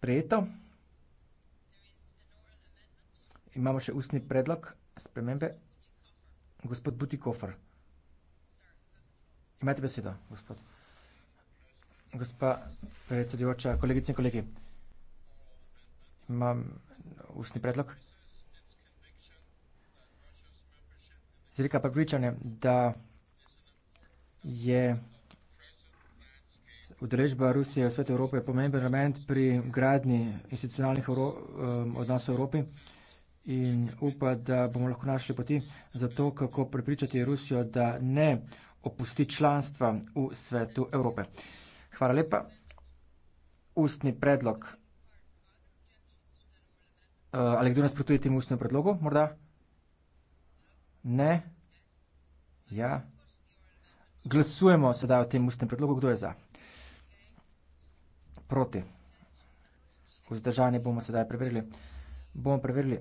sprejeto. Imamo še ustni predlog spremembe. Gospod Butikofer. Imate besedo, gospod. Gospa predsedujoča, kolegice in kolegi. Imam ustni predlog. Zreka pa pričanje, da je Udrežba Rusije v svetu Evrope je pomemben element pri gradni institucionalnih odnosov v Evropi in upa, da bomo lahko našli poti za to, kako prepričati Rusijo, da ne opusti članstva v svetu Evrope. Hvala lepa. Ustni predlog. E, ali kdo nas protuje tem ustnem predlogu? Morda? Ne? Ja? Glasujemo sedaj o tem ustnem predlogu. Kdo je za? Ja? proti. Vzdržanje bomo sedaj preverili. Bomo preverili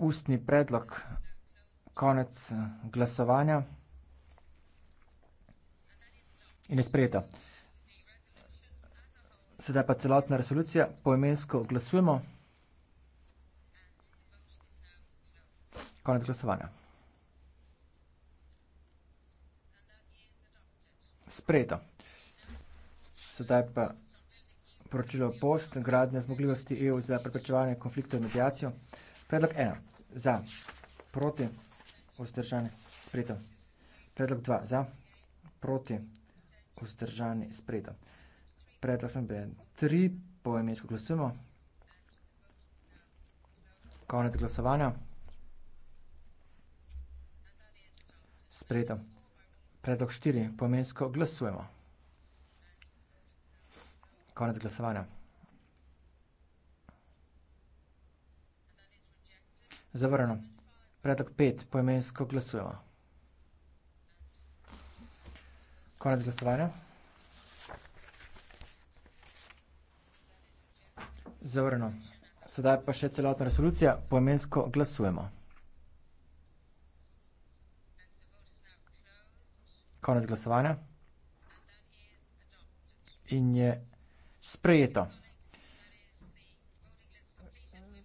ustni predlog, konec eh, glasovanja in je sprejeta. Sedaj pa celotna resolucija, poimensko glasujemo. Konec glasovanja. Sprejeto sedaj pa poročilo post, gradne zmogljivosti EU za preprečevanje konfliktov in medijacijo. Predlog 1. Za. Proti. Vzdržanje. Spreto. Predlog 2. Za. Proti. Vzdržanje. Spreto. Predlog sem bil 3. Po imensko glasujemo. Konec glasovanja. Spreto. Predlog 4. Po imensko glasujemo konec glasovanja. Zavrno. Predlog pet, poimensko glasujemo. Konec glasovanja. Zavrno. Sedaj pa še celotna resolucija, poimensko glasujemo. Konec glasovanja. In je sprejeto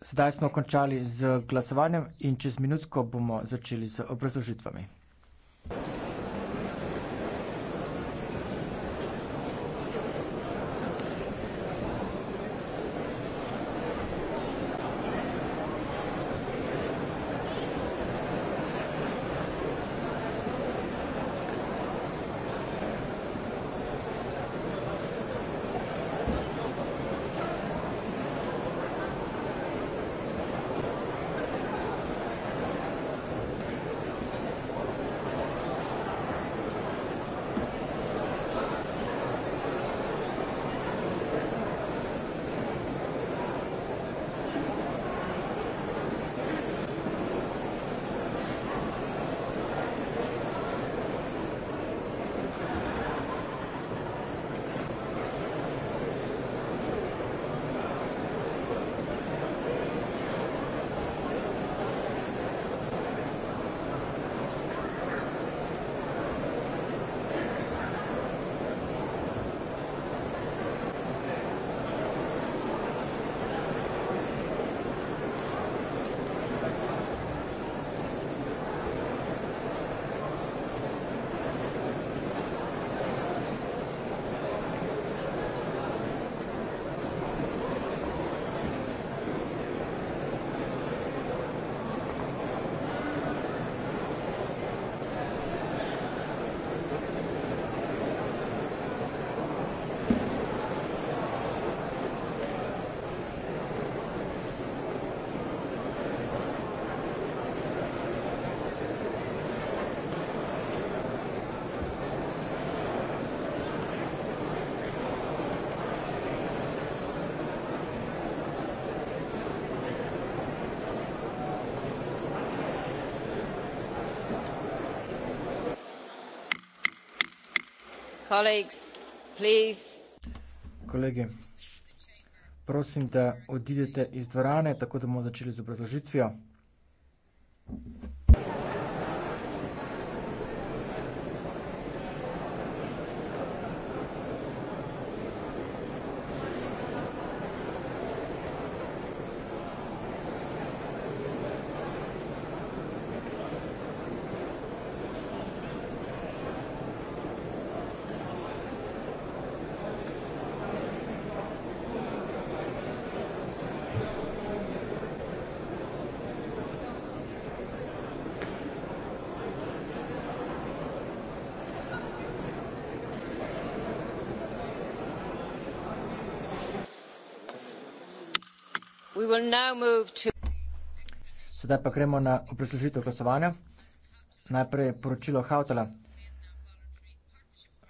sedaj smo končali z glasovanjem in čez minutko bomo začeli z obrazložitvami Kolegi, prosim, da odidete iz dvorane, tako da bomo začeli z obrazložitvijo. We will now move to... Sedaj pa gremo na obrazložitev glasovanja. Najprej poročilo Hautala.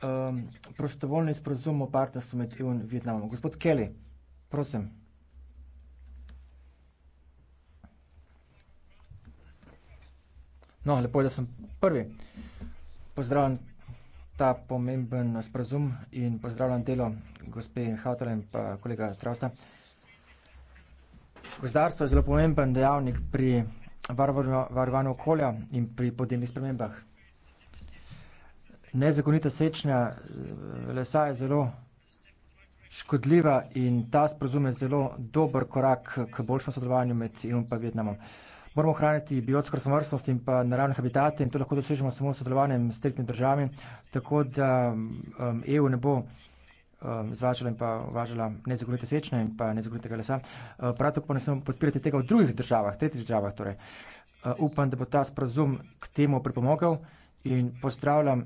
Um, prostovoljni sporazum o partnerstvu med EU in Vietnamom. Gospod Kelly, prosim. No, lepo je, da sem prvi. Pozdravljam ta pomemben sporazum in pozdravljam delo gospe Hautala in pa kolega Trausta. Uh, Gozdarstvo je zelo pomemben dejavnik pri varovanju okolja in pri podnebnih spremembah. Nezakonita sečnja eh, lesa je zelo škodljiva in ta sporozum je zelo dober korak k boljšemu sodelovanju med EU in Vietnamom. Moramo ohraniti biotsko raznovrstnost in pa naravne habitate in to lahko dosežemo samo s sodelovanjem s tretjimi državami, tako da um, EU ne bo Um, zvažala in pa uvažala nezakonite sečne in pa nezakonitega lesa. Uh, prav tako pa ne smemo podpirati tega v drugih državah, tretjih državah torej. Uh, upam, da bo ta sprazum k temu pripomogel in pozdravljam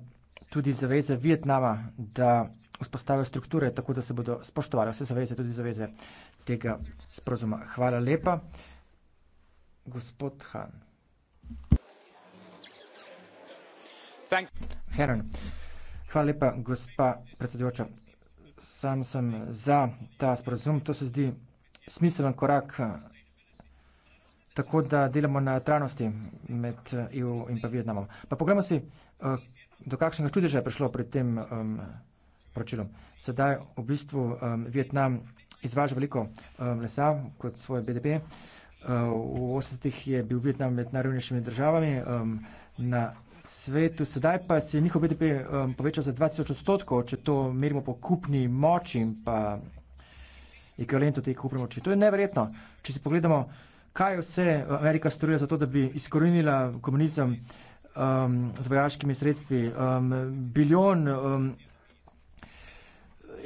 tudi zaveze Vietnama, da vzpostavijo strukture, tako da se bodo spoštovali vse zaveze, tudi zaveze tega sprazuma. Hvala lepa. Gospod Han. Heron. Hvala lepa, gospa predsedujoča sam sem za ta sporozum, to se zdi smiselen korak, tako da delamo na trajnosti med EU in pa Vietnamom. Pa poglejmo si, eh, do kakšnega čudeža je prišlo pri tem um, poročilu. Sedaj v bistvu um, Vietnam izvaža veliko um, lesa kot svoj BDP. Uh, eh, v 80-ih je bil Vietnam med najrevnejšimi državami, um, na svetu, sedaj pa se je njihov BDP um, povečal za 2000 odstotkov, če to merimo po kupni moči in pa ekvivalentu te kupne moči. To je neverjetno. Če si pogledamo, kaj vse Amerika storila za to, da bi izkorinila komunizem um, z vojaškimi sredstvi, um, biljon um,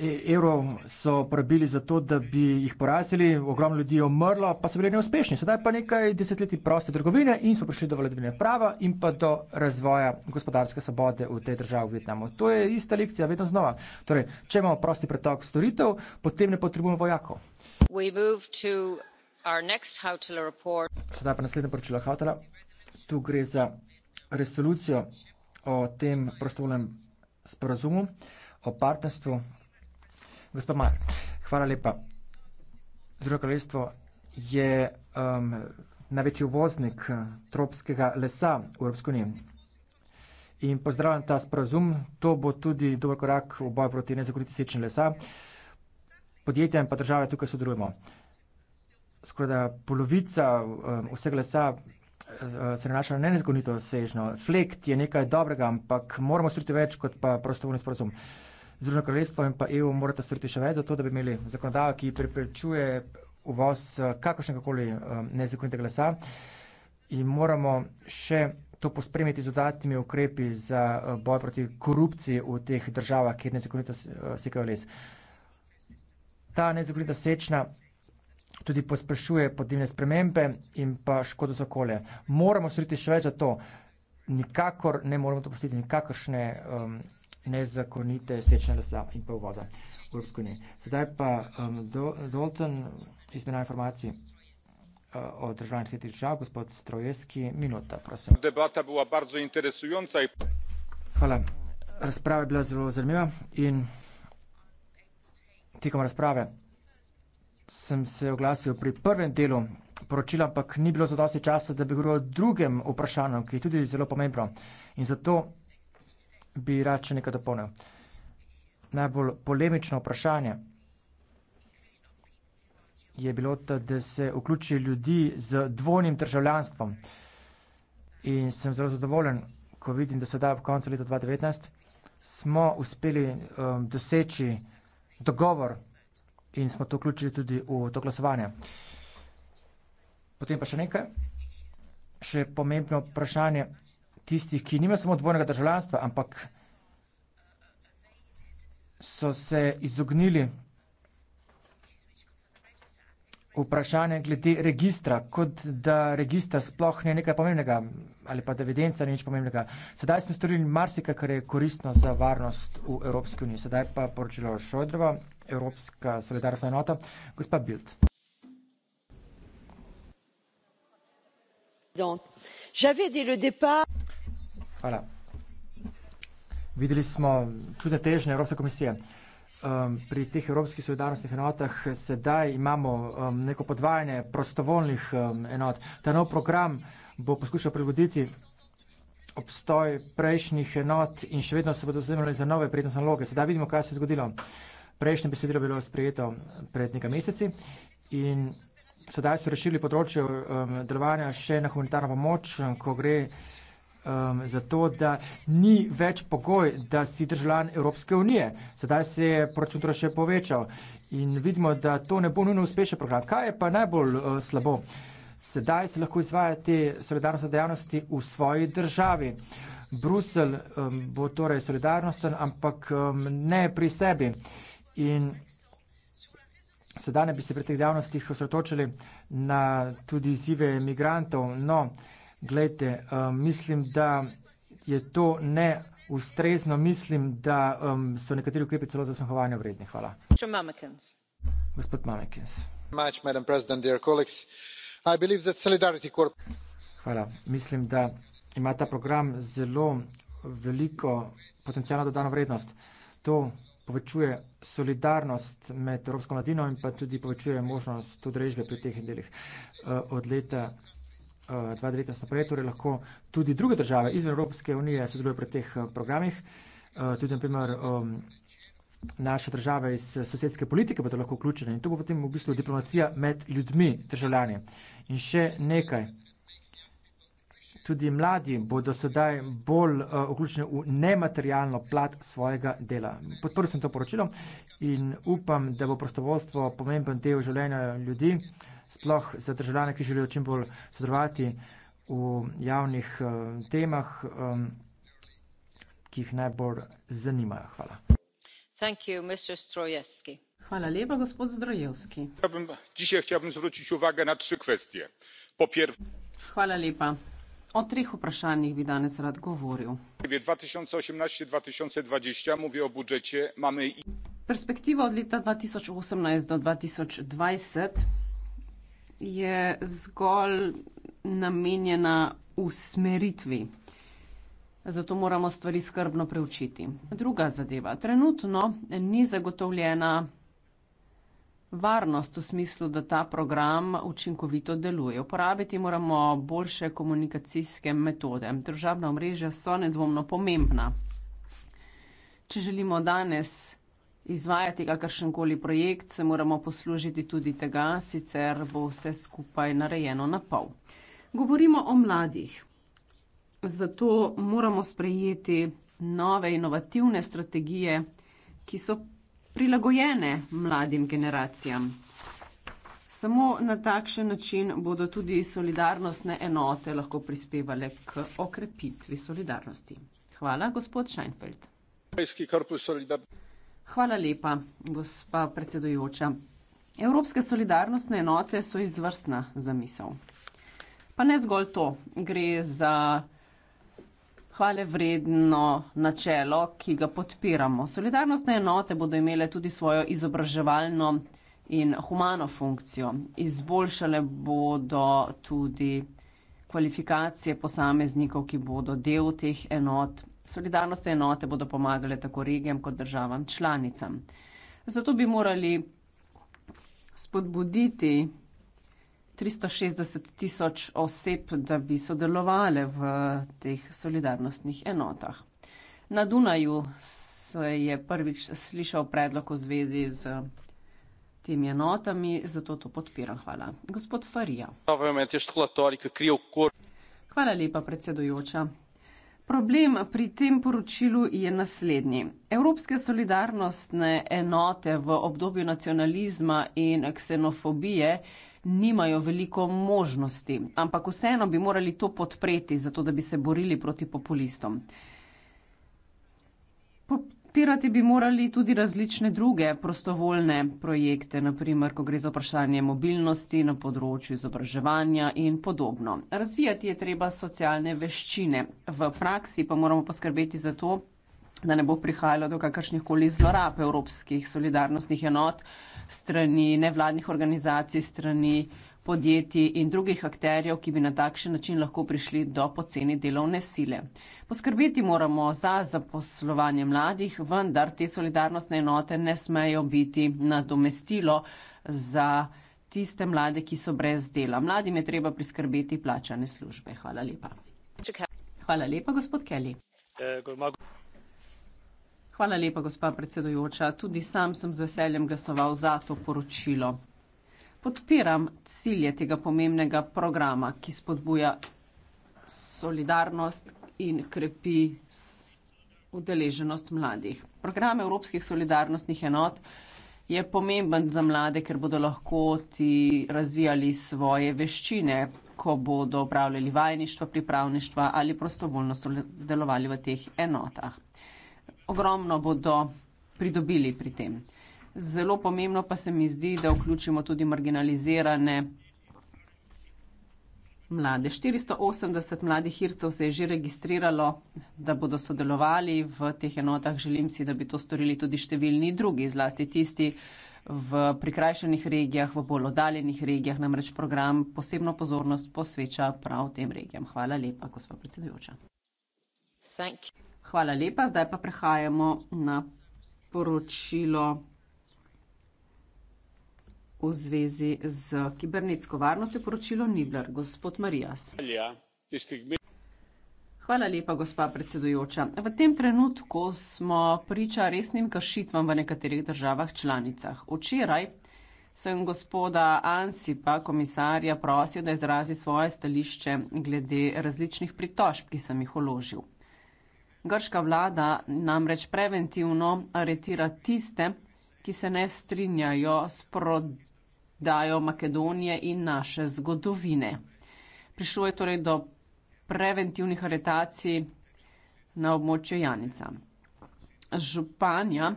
evrov so porabili za to, da bi jih porazili, ogromno ljudi je umrlo, pa so bili neuspešni. Sedaj pa nekaj desetletij proste trgovine in smo prišli do vladavine prava in pa do razvoja gospodarske svobode v tej državi v Vietnamu. To je ista lekcija, vedno znova. Torej, če imamo prosti pretok storitev, potem ne potrebujemo vojakov. Sedaj pa naslednje poročilo Hautala. Tu gre za resolucijo o tem prostovoljnem sporazumu o partnerstvu Gospa Majer, hvala lepa. Zdravo kraljestvo je um, največji uvoznik eh, tropskega lesa v Evropsko unijo. In pozdravljam ta sporazum, to bo tudi dober korak v boju proti nezakoniti sečenju lesa. Podjetja in pa države tukaj sodelujemo. Skoraj da polovica um, vsega lesa eh, se nanaša na nenezgonito sežno. Flekt je nekaj dobrega, ampak moramo storiti več kot pa prostovoljni sporazum. Uh, Združeno kraljestvo in pa EU morata storiti še več za to, da bi imeli zakonodajo, ki preprečuje uvoz eh, kakršnega koli eh, nezakonitega glasa. In moramo še to pospremiti z dodatnimi ukrepi za eh, boj proti korupciji v teh državah, kjer nezakonito sekajo les. Ta nezakonita sečna tudi pospešuje podnebne spremembe in pa škodo za okolje. Moramo storiti še več za to. Nikakor ne moramo to postiti, nikakršne um, nezakonite sečne lesa in pa uvoza v Evropsko unijo. Sedaj pa um, do, Dalton izmena informacij uh, o državnih svetih držav, gospod Strojevski, minuta, prosim. Debata bila bardzo interesujoča. Hvala. Razprava je bila zelo zanimiva in tekom razprave sem se oglasil pri prvem delu poročila, ampak ni bilo zadosti časa, da bi govoril o drugem vprašanju, ki je tudi zelo pomembno. In zato bi rad še nekaj dopolnil. Najbolj polemično vprašanje je bilo, to, da se vključi ljudi z dvojnim državljanstvom. In sem zelo zadovoljen, ko vidim, da se da ob koncu leta 2019 smo uspeli um, doseči dogovor in smo to vključili tudi v to glasovanje. Potem pa še nekaj, še pomembno vprašanje, tistih, ki nima samo dvojnega državljanstva, ampak so se izognili vprašanje glede registra, kot da registra sploh ni nekaj pomembnega ali pa da evidenca ni nič pomembnega. Sedaj smo storili marsikaj, kar je koristno za varnost v Evropski uniji. Sedaj pa poročilo Šodrova, Evropska solidarnostna enota, gospa Bild. présidente j'avais dès le départ Videli smo čudne težnje Evropske komisije. Um, pri teh evropskih solidarnostnih enotah sedaj imamo um, neko podvajanje prostovoljnih um, enot. Ta nov program bo poskušal prilagoditi obstoj prejšnjih enot in še vedno se bodo zanimali za nove prednostne naloge. Sedaj vidimo, kaj se je zgodilo. Prejšnje besedilo bilo sprejeto pred nekaj meseci in sedaj so rešili področje um, delovanja še na humanitarno pomoč, ko gre um, za to, da ni več pogoj, da si državljan Evropske unije. Sedaj se je proračun torej še povečal in vidimo, da to ne bo nujno uspešen program. Kaj je pa najbolj uh, slabo? Sedaj se lahko izvaja te solidarnostne dejavnosti v svoji državi. Brusel um, bo torej solidarnosten, ampak um, ne pri sebi. In sedaj ne bi se pri teh dejavnostih osredotočili na tudi izzive imigrantov, no, gledajte, um, mislim, da je to neustrezno, mislim, da um, so nekateri ukrepi celo za smehovanje vredni. Hvala. Gospod Mamekins. Hvala. Mislim, da ima ta program zelo veliko potencijalno dodano vrednost. To, povečuje solidarnost med Evropsko mladino in pa tudi povečuje možnost udrežbe pri teh delih. Eh, od leta 2019 eh, naprej torej lahko tudi druge države izven Evropske unije sodelujejo pri teh eh, programih. Tudi, na primer, um, naše države iz sosedske politike bodo lahko vključene in to bo potem v bistvu diplomacija med ljudmi, državljani. In še nekaj tudi mladi bodo sedaj bolj eh, vključeni v nematerialno plat svojega dela. Podprl sem to poročilo in upam, da bo prostovoljstvo pomemben del življenja ljudi, sploh za državljane, ki želijo čim bolj sodelovati v javnih eh, temah, ehm, ki jih najbolj zanimajo. Hvala. Hvala lepa, gospod Zdrojevski. Hvala lepa. O treh vprašanjih bi danes rad govoril. Perspektiva od leta 2018 do 2020 je zgolj namenjena usmeritvi. Zato moramo stvari skrbno preučiti. Druga zadeva. Trenutno ni zagotovljena varnost v smislu, da ta program učinkovito deluje. Uporabiti moramo boljše komunikacijske metode. Državna omrežja so nedvomno pomembna. Če želimo danes izvajati kakršen koli projekt, se moramo poslužiti tudi tega, sicer bo vse skupaj narejeno na pol. Govorimo o mladih. Zato moramo sprejeti nove inovativne strategije, ki so prilagojene mladim generacijam. Samo na takšen način bodo tudi solidarnostne enote lahko prispevale k okrepitvi solidarnosti. Hvala, gospod Scheinfeld. Hvala lepa, gospa predsedujoča. Evropske solidarnostne enote so izvrstna zamisel. Pa ne zgolj to, gre za hvale vredno načelo, ki ga podpiramo. Solidarnostne enote bodo imele tudi svojo izobraževalno in humano funkcijo. Izboljšale bodo tudi kvalifikacije posameznikov, ki bodo del teh enot. Solidarnostne enote bodo pomagale tako regijam kot državam članicam. Zato bi morali spodbuditi 360 tisoč oseb, da bi sodelovali v teh solidarnostnih enotah. Na Dunaju se je prvič slišal predlog v zvezi z temi enotami, zato to podpiram. Hvala. Gospod Farija. Hvala lepa, predsedujoča. Problem pri tem poročilu je naslednji. Evropske solidarnostne enote v obdobju nacionalizma in ksenofobije nimajo veliko možnosti, ampak vseeno bi morali to podpreti, zato da bi se borili proti populistom podpirati bi morali tudi različne druge prostovoljne projekte, naprimer, ko gre za vprašanje mobilnosti na področju izobraževanja in podobno. Razvijati je treba socialne veščine. V praksi pa moramo poskrbeti za to, da ne bo prihajalo do kakršnih koli zlorab evropskih solidarnostnih enot strani nevladnih organizacij, strani podjetij in drugih akterjev, ki bi na takšen način lahko prišli do poceni delovne sile. Poskrbeti moramo za zaposlovanje mladih, vendar te solidarnostne enote ne smejo biti nadomestilo za tiste mlade, ki so brez dela. Mladim je treba priskrbeti plačane službe. Hvala lepa. Hvala lepa, gospod Kelly. Hvala lepa, gospa predsedujoča. Tudi sam sem z veseljem glasoval za to poročilo podpiram cilje tega pomembnega programa, ki spodbuja solidarnost in krepi udeleženost mladih. Program Evropskih solidarnostnih enot je pomemben za mlade, ker bodo lahko ti razvijali svoje veščine, ko bodo upravljali vajništva, pripravništva ali prostovoljno delovali v teh enotah. Ogromno bodo pridobili pri tem. Zelo pomembno pa se mi zdi, da vključimo tudi marginalizirane mlade. 480 mladih hircev se je že registriralo, da bodo sodelovali v teh enotah. Želim si, da bi to storili tudi številni drugi, zlasti tisti v prikrajšanih regijah, v bolj oddaljenih regijah. Namreč program posebno pozornost posveča prav tem regijam. Hvala lepa, gospod predsedujoča. Hvala lepa. Zdaj pa prehajamo na poročilo v zvezi s kibernetsko varnostjo poročilo Nibler. Gospod Marijas. Hvala lepa, gospa predsedujoča. V tem trenutku smo priča resnim kršitvam v nekaterih državah članicah. Včeraj sem gospoda Ansipa, komisarja, prosil, da izrazi svoje stališče glede različnih pritožb, ki sem jih uložil. Grška vlada namreč preventivno aretira tiste, ki se ne strinjajo s prodajo dajo Makedonije in naše zgodovine. Prišlo je torej do preventivnih aretacij na območju Janica. Županja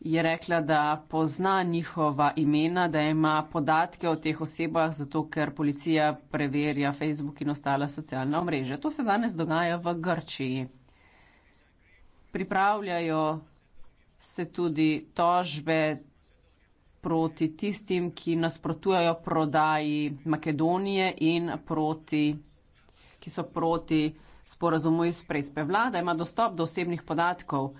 je rekla, da pozna njihova imena, da ima podatke o teh osebah, zato ker policija preverja Facebook in ostala socialna omrežja. To se danes dogaja v Grčiji. Pripravljajo se tudi tožbe proti tistim, ki nasprotujejo prodaji Makedonije in proti, ki so proti sporazumu iz prespe. Vlada ima dostop do osebnih podatkov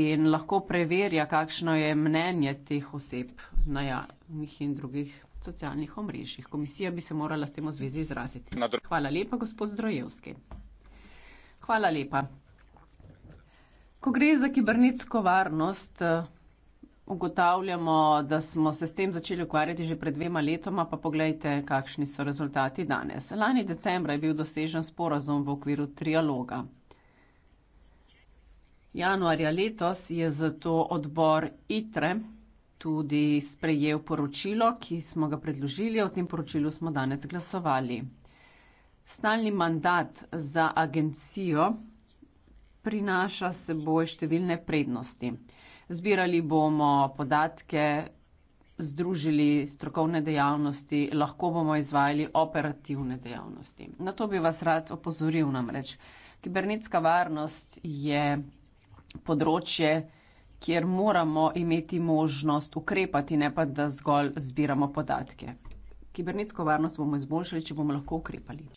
in lahko preverja, kakšno je mnenje teh oseb na javnih in drugih socialnih omrežjih. Komisija bi se morala s tem v zvezi izraziti. Hvala lepa, gospod Zdrojevski. Hvala lepa. Ko gre za kibernetsko varnost, ugotavljamo, da smo se s tem začeli ukvarjati že pred dvema letoma, pa pogledajte, kakšni so rezultati danes. Lani decembra je bil dosežen sporazum v okviru trialoga. Januarja letos je zato odbor ITRE tudi sprejel poročilo, ki smo ga predložili. O tem poročilu smo danes glasovali. Stalni mandat za agencijo prinaša seboj številne prednosti. Zbirali bomo podatke, združili strokovne dejavnosti, lahko bomo izvajali operativne dejavnosti. Na to bi vas rad opozoril namreč. Kibernetska varnost je področje, kjer moramo imeti možnost ukrepati, ne pa da zgolj zbiramo podatke. Kibernetsko varnost bomo izboljšali, če bomo lahko ukrepali.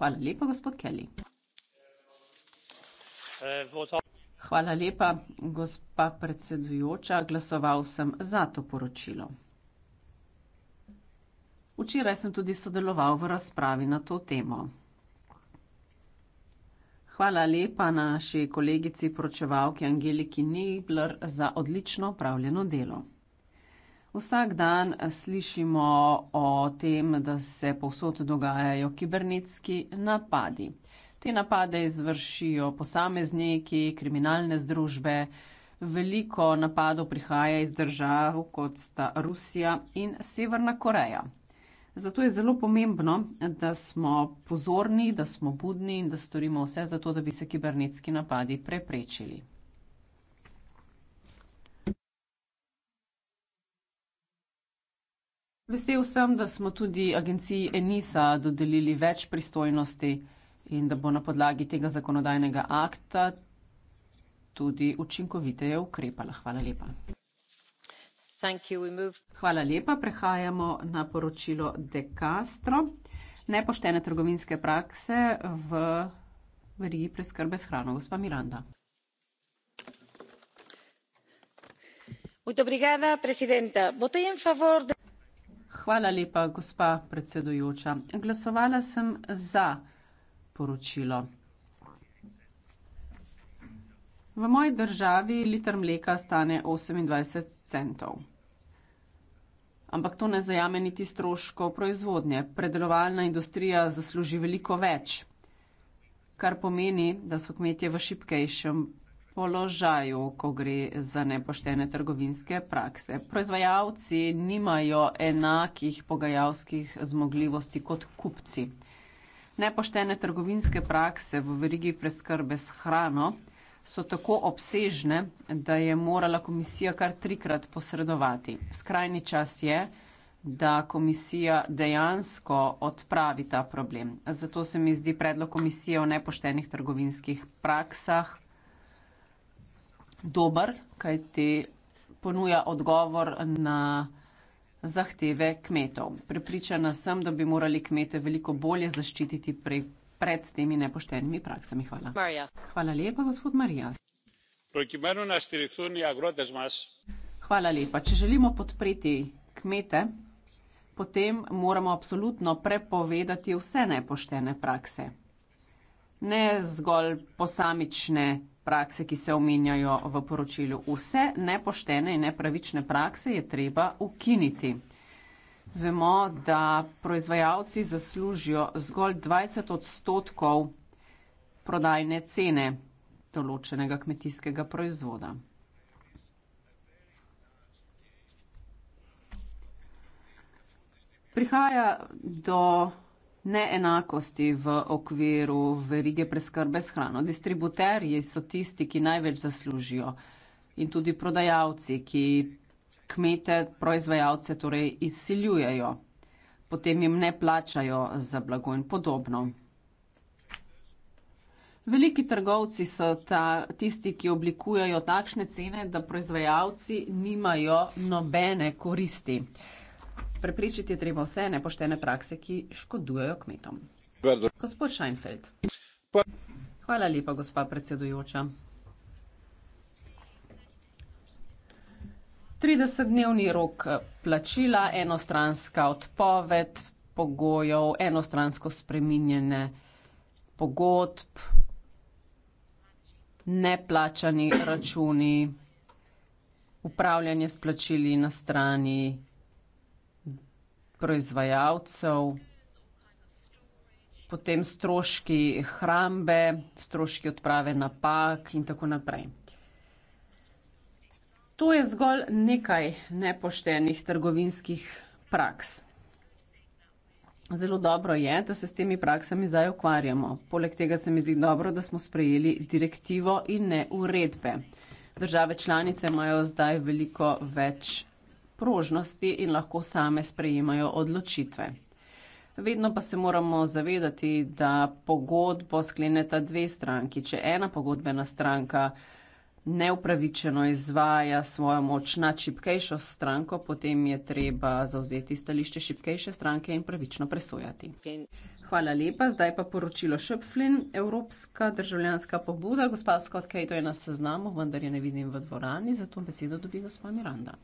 Hvala lepa, gospod Kelly. Hvala lepa, gospa predsedujoča. Glasoval sem za to poročilo. Včeraj sem tudi sodeloval v razpravi na to temo. Hvala lepa naši kolegici poročevalki Angeliki Nibler za odlično upravljeno delo. Vsak dan slišimo o tem, da se povsod dogajajo kibernetski napadi. Te napade izvršijo posamezniki, kriminalne združbe. Veliko napadov prihaja iz držav, kot sta Rusija in Severna Koreja. Zato je zelo pomembno, da smo pozorni, da smo budni in da storimo vse za to, da bi se kibernetski napadi preprečili. Vesel sem, da smo tudi agenciji Enisa dodelili več pristojnosti in da bo na podlagi tega zakonodajnega akta tudi učinkoviteje ukrepala. Hvala lepa. Hvala lepa. Prehajamo na poročilo De Castro. Nepoštene trgovinske prakse v verigi preskrbe s hrano. Gospa Miranda. Hvala lepa, gospa predsedujoča. Glasovala sem za poročilo. V moji državi liter mleka stane 28 centov. Ampak to ne zajame niti stroškov proizvodnje. Predelovalna industrija zasluži veliko več, kar pomeni, da so kmetje v šipkejšem položaju, ko gre za nepoštene trgovinske prakse. Proizvajalci nimajo enakih pogajalskih zmogljivosti kot kupci. Nepoštene trgovinske prakse v verigi preskrbe s hrano so tako obsežne, da je morala komisija kar trikrat posredovati. Skrajni čas je, da komisija dejansko odpravi ta problem. Zato se mi zdi predlog komisije o nepoštenih trgovinskih praksah dober, kajti ponuja odgovor na zahteve kmetov. Prepričana sem, da bi morali kmete veliko bolje zaščititi pre, pred temi nepoštenimi praksami. Hvala. Marija. Hvala lepa, gospod Marijas. Hvala lepa. Če želimo podpreti kmete, potem moramo absolutno prepovedati vse nepoštene prakse. Ne zgolj posamične prakse, ki se omenjajo v poročilu. Vse nepoštene in nepravične prakse je treba ukiniti. Vemo, da proizvajalci zaslužijo zgolj 20 odstotkov prodajne cene določenega kmetijskega proizvoda. Prihaja do neenakosti v okviru verige preskrbe s hrano. Distributerji so tisti, ki največ zaslužijo in tudi prodajalci, ki kmete, proizvajalce torej izsiljujejo, potem jim ne plačajo za blago in podobno. Veliki trgovci so ta, tisti, ki oblikujejo takšne cene, da proizvajalci nimajo nobene koristi. Prepričati je treba vse nepoštene prakse, ki škodujejo kmetom. Brzo. Gospod Scheinfeld. Hvala lepa, gospa predsedujoča. 30-dnevni rok eh, plačila, enostranska odpoved pogojev, enostransko spreminjene pogodb, neplačani računi, upravljanje s plačili na strani proizvajalcev, potem stroški hrambe, stroški odprave napak in tako naprej. To je zgolj nekaj nepoštenih trgovinskih praks. Zelo dobro je, da se s temi praksami zdaj ukvarjamo. Poleg tega se mi zdi dobro, da smo sprejeli direktivo in ne uredbe. Države članice imajo zdaj veliko več prožnosti in lahko same sprejemajo odločitve. Vedno pa se moramo zavedati, da pogodbo skleneta dve stranki. Če ena pogodbena stranka neupravičeno izvaja svojo moč na šipkejšo stranko, potem je treba zauzeti stališče šipkejše stranke in pravično presojati. Hvala lepa. Zdaj pa poročilo Šepflin, Evropska državljanska pobuda. Gospa Scott Kejto je na seznamu, vendar je ne vidim v dvorani, zato besedo dobi gospa Miranda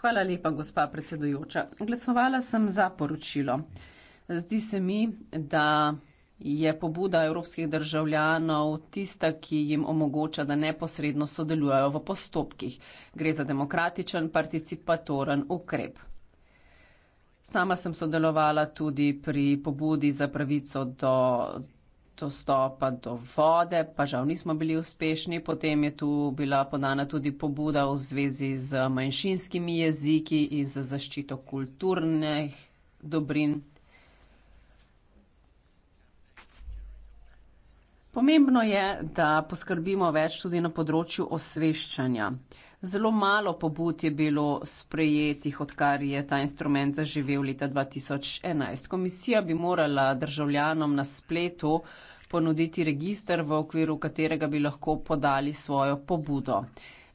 hvala lepa gospa predsedujoča glasovala sem za poročilo zdi se mi da je pobuda evropskih državljanov tista ki jim omogoča da neposredno sodelujejo v postopkih gre za demokratičen participatoren ukrep Sama sem sodelovala tudi pri pobudi za pravico do, dostopa do vode, pa žal nismo bili uspešni. Potem je tu bila podana tudi pobuda v zvezi z manjšinskimi jeziki in za zaščito kulturnih dobrin. Pomembno je, da poskrbimo več tudi na področju osveščanja. Zelo malo pobud je bilo sprejetih, odkar je ta instrument zaživel leta 2011. Komisija bi morala državljanom na spletu ponuditi registr, v okviru katerega bi lahko podali svojo pobudo.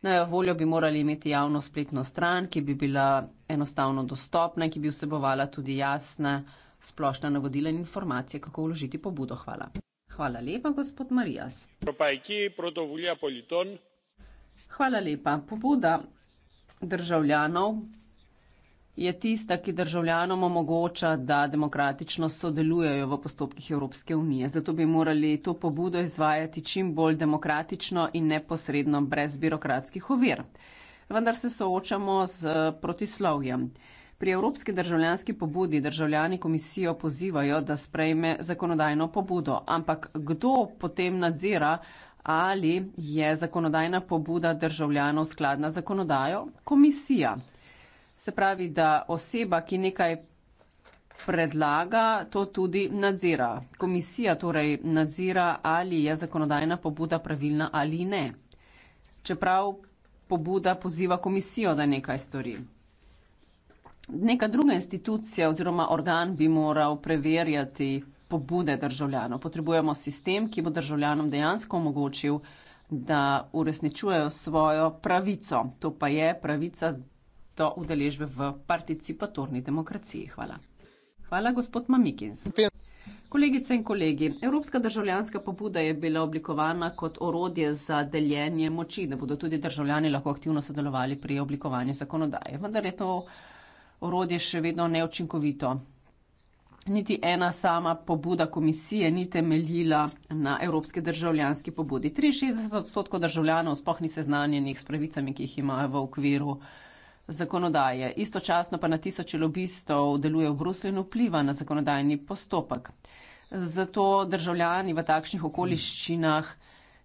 Na voljo bi morali imeti javno spletno stran, ki bi bila enostavno dostopna in ki bi vsebovala tudi jasna splošna navodila in informacije, kako vložiti pobudo. Hvala. Hvala lepa, gospod Marijas. Hvala lepa. Pobuda državljanov je tista, ki državljanom omogoča, da demokratično sodelujejo v postopkih Evropske unije. Zato bi morali to pobudo izvajati čim bolj demokratično in neposredno brez birokratskih ovir. Vendar se soočamo z protislovjem. Pri Evropski državljanski pobudi državljani komisijo pozivajo, da sprejme zakonodajno pobudo. Ampak kdo potem nadzira, ali je zakonodajna pobuda državljanov skladna zakonodajo? Komisija. Se pravi, da oseba, ki nekaj predlaga, to tudi nadzira. Komisija torej nadzira, ali je zakonodajna pobuda pravilna ali ne. Čeprav pobuda poziva komisijo, da nekaj stori. Neka druga institucija oziroma organ bi moral preverjati pobude državljanov. Potrebujemo sistem, ki bo državljanom dejansko omogočil, da uresničujejo svojo pravico. To pa je pravica do udeležbe v participatorni demokraciji. Hvala. Hvala, gospod Mamikins. Kolegice in kolegi, Evropska državljanska pobuda je bila oblikovana kot orodje za deljenje moči, da bodo tudi državljani lahko aktivno sodelovali pri oblikovanju zakonodaje. Vendar je to orodje še vedno neočinkovito niti ena sama pobuda komisije ni temeljila na evropski državljanski pobudi. 63 odstotkov državljanov sploh ni seznanjenih s pravicami, ki jih imajo v okviru zakonodaje. Istočasno pa na tisoče lobistov deluje v Bruslju in vpliva na zakonodajni postopek. Zato državljani v takšnih okoliščinah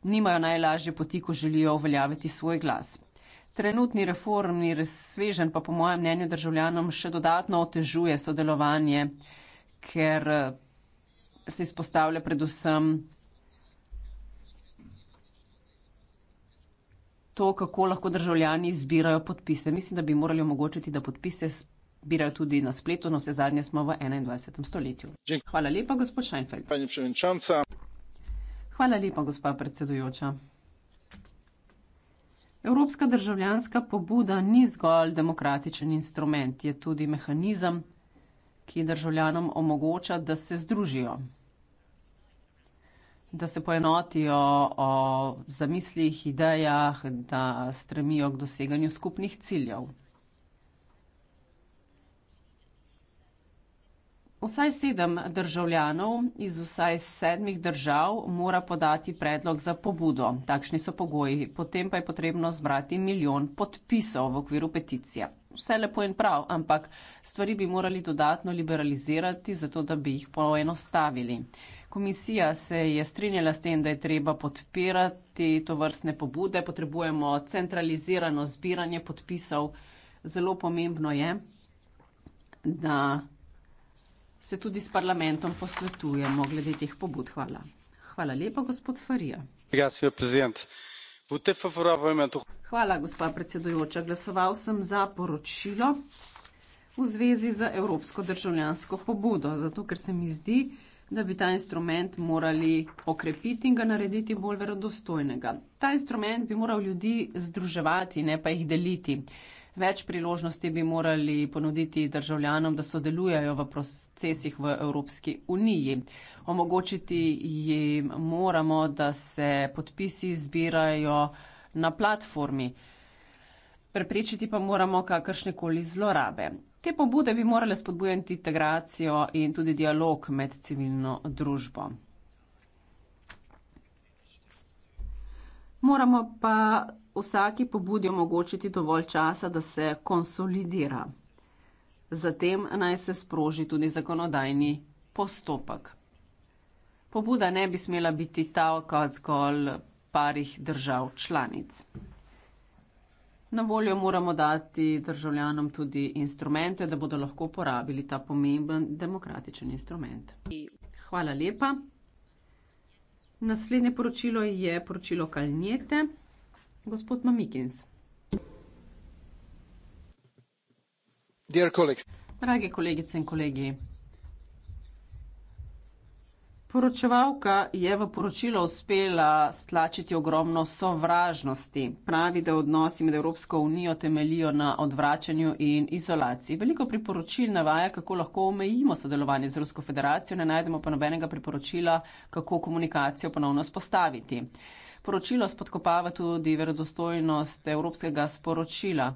nimajo najlažje poti, ko želijo uveljaviti svoj glas. Trenutni reformni razsvežen pa po mojem mnenju državljanom še dodatno otežuje sodelovanje ker eh, se izpostavlja predvsem to, kako lahko državljani zbirajo podpise. Mislim, da bi morali omogočiti, da podpise zbirajo tudi na spletu, na no, vse zadnje smo v 21. stoletju. Hvala lepa, gospod Šajnfeld. Hvala lepa, gospa predsedujoča. Evropska državljanska pobuda ni zgolj demokratičen instrument, je tudi mehanizem, ki državljanom omogoča, da se združijo, da se poenotijo o zamislih, idejah, da stremijo k doseganju skupnih ciljev. Vsaj sedem državljanov iz vsaj sedmih držav mora podati predlog za pobudo. Takšni so pogoji. Potem pa je potrebno zbrati milijon podpisov v okviru peticije vse lepo in prav, ampak stvari bi morali dodatno liberalizirati, zato da bi jih poenostavili. Komisija se je strinjala s tem, da je treba podpirati to vrstne pobude, potrebujemo centralizirano zbiranje podpisov. Zelo pomembno je, da se tudi s parlamentom posvetujemo glede teh pobud. Hvala. Hvala lepa, gospod Farija. Gracias, Hvala, gospa predsedujoča. Glasoval sem za poročilo v zvezi z Evropsko državljansko pobudo, zato ker se mi zdi, da bi ta instrument morali okrepiti in ga narediti bolj verodostojnega. Ta instrument bi moral ljudi združevati, ne pa jih deliti. Več priložnosti bi morali ponuditi državljanom, da sodelujajo v procesih v Evropski uniji. Omogočiti jim moramo, da se podpisi zbirajo na platformi. Preprečiti pa moramo kakršne koli zlorabe. Te pobude bi morale spodbujati integracijo in tudi dialog med civilno družbo. Moramo pa vsaki pobudi omogočiti dovolj časa, da se konsolidira. Zatem naj se sproži tudi zakonodajni postopek. Pobuda ne bi smela biti ta, kot zgolj parih držav članic. Na voljo moramo dati državljanom tudi instrumente, da bodo lahko uporabili ta pomemben demokratičen instrument. Hvala lepa. Naslednje poročilo je poročilo Kalnjete, gospod Mamikins. Dragi kolegice in kolegi, Poročevalka je v poročilo uspela stlačiti ogromno sovražnosti. Pravi, da odnosi med Evropsko unijo temelijo na odvračanju in izolaciji. Veliko priporočil navaja, kako lahko omejimo sodelovanje z Rusko federacijo, ne najdemo pa nobenega priporočila, kako komunikacijo ponovno spostaviti. Poročilo spodkopava tudi verodostojnost evropskega sporočila.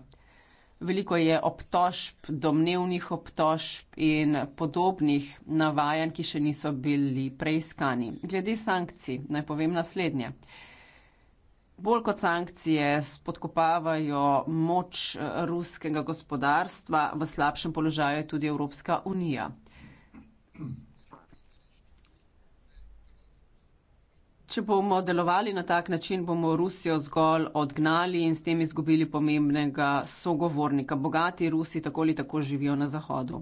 Veliko je obtožb, domnevnih obtožb in podobnih navajanj, ki še niso bili preiskani. Glede sankcij naj povem naslednje. Bolj kot sankcije spodkopavajo moč ruskega gospodarstva, v slabšem položaju je tudi Evropska unija. Če bomo delovali na tak način, bomo Rusijo zgolj odgnali in s tem izgubili pomembnega sogovornika. Bogati Rusi tako ali tako živijo na Zahodu.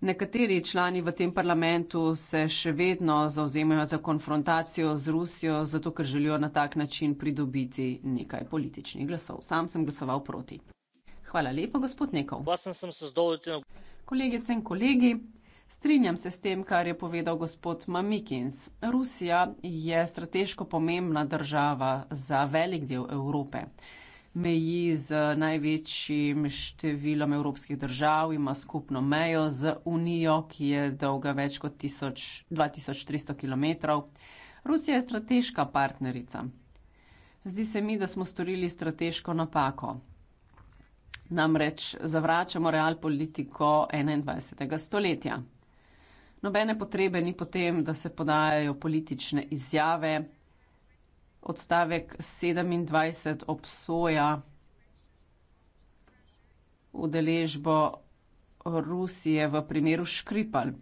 Nekateri člani v tem parlamentu se še vedno zauzemajo za konfrontacijo z Rusijo, zato ker želijo na tak način pridobiti nekaj političnih glasov. Sam sem glasoval proti. Hvala lepa, gospod Nekov. Kolegice in kolegi, Strinjam se s tem, kar je povedal gospod Mamikins. Rusija je strateško pomembna država za velik del Evrope. Meji z največjim številom evropskih držav ima skupno mejo z Unijo, ki je dolga več kot 1000, 2300 km. Rusija je strateška partnerica. Zdi se mi, da smo storili strateško napako. Namreč zavračamo realpolitiko 21. stoletja. Nobene potrebe ni potem, da se podajajo politične izjave. Odstavek 27 obsoja udeležbo Rusije v primeru Škripal.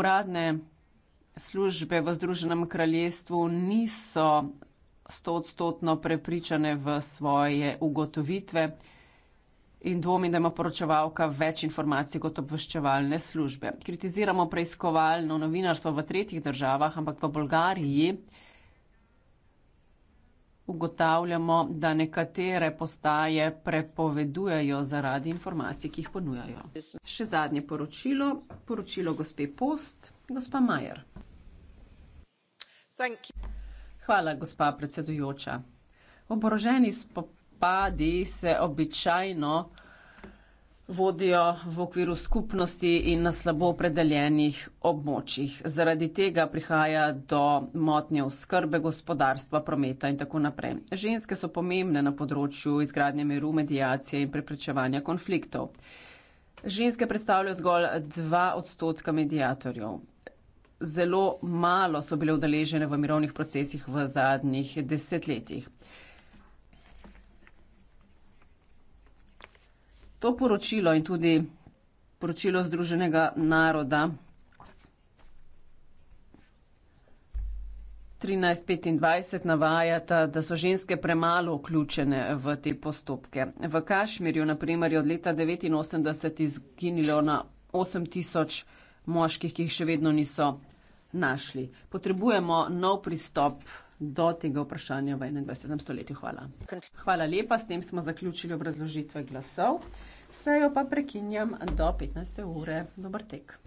Uradne službe v Združenem kraljestvu niso stotstotno prepričane v svoje ugotovitve in dvomi, da ima poročevalka več informacij kot obveščevalne službe. Kritiziramo preiskovalno novinarstvo v tretjih državah, ampak v Bolgariji ugotavljamo, da nekatere postaje prepovedujejo zaradi informacij, ki jih ponujajo. Še zadnje poročilo, poročilo gospe Post, gospa Majer. Hvala, gospa predsedujoča. Oboroženi spopad napadi se običajno vodijo v okviru skupnosti in na slabo opredeljenih območjih. Zaradi tega prihaja do motnje v skrbe gospodarstva, prometa in tako naprej. Ženske so pomembne na področju izgradnje miru, medijacije in preprečevanja konfliktov. Ženske predstavljajo zgolj dva odstotka medijatorjev. Zelo malo so bile udeležene v mirovnih procesih v zadnjih desetletjih. to poročilo in tudi poročilo Združenega naroda 13.25 navajata, da so ženske premalo vključene v te postopke. V Kašmirju, naprimer, je od leta 1989 izginilo na 8000 moških, ki jih še vedno niso našli. Potrebujemo nov pristop do tega vprašanja v 21. stoletju. Hvala. Hvala lepa, s tem smo zaključili obrazložitve glasov sejo pa prekinjam do 15. ure. Dober tek.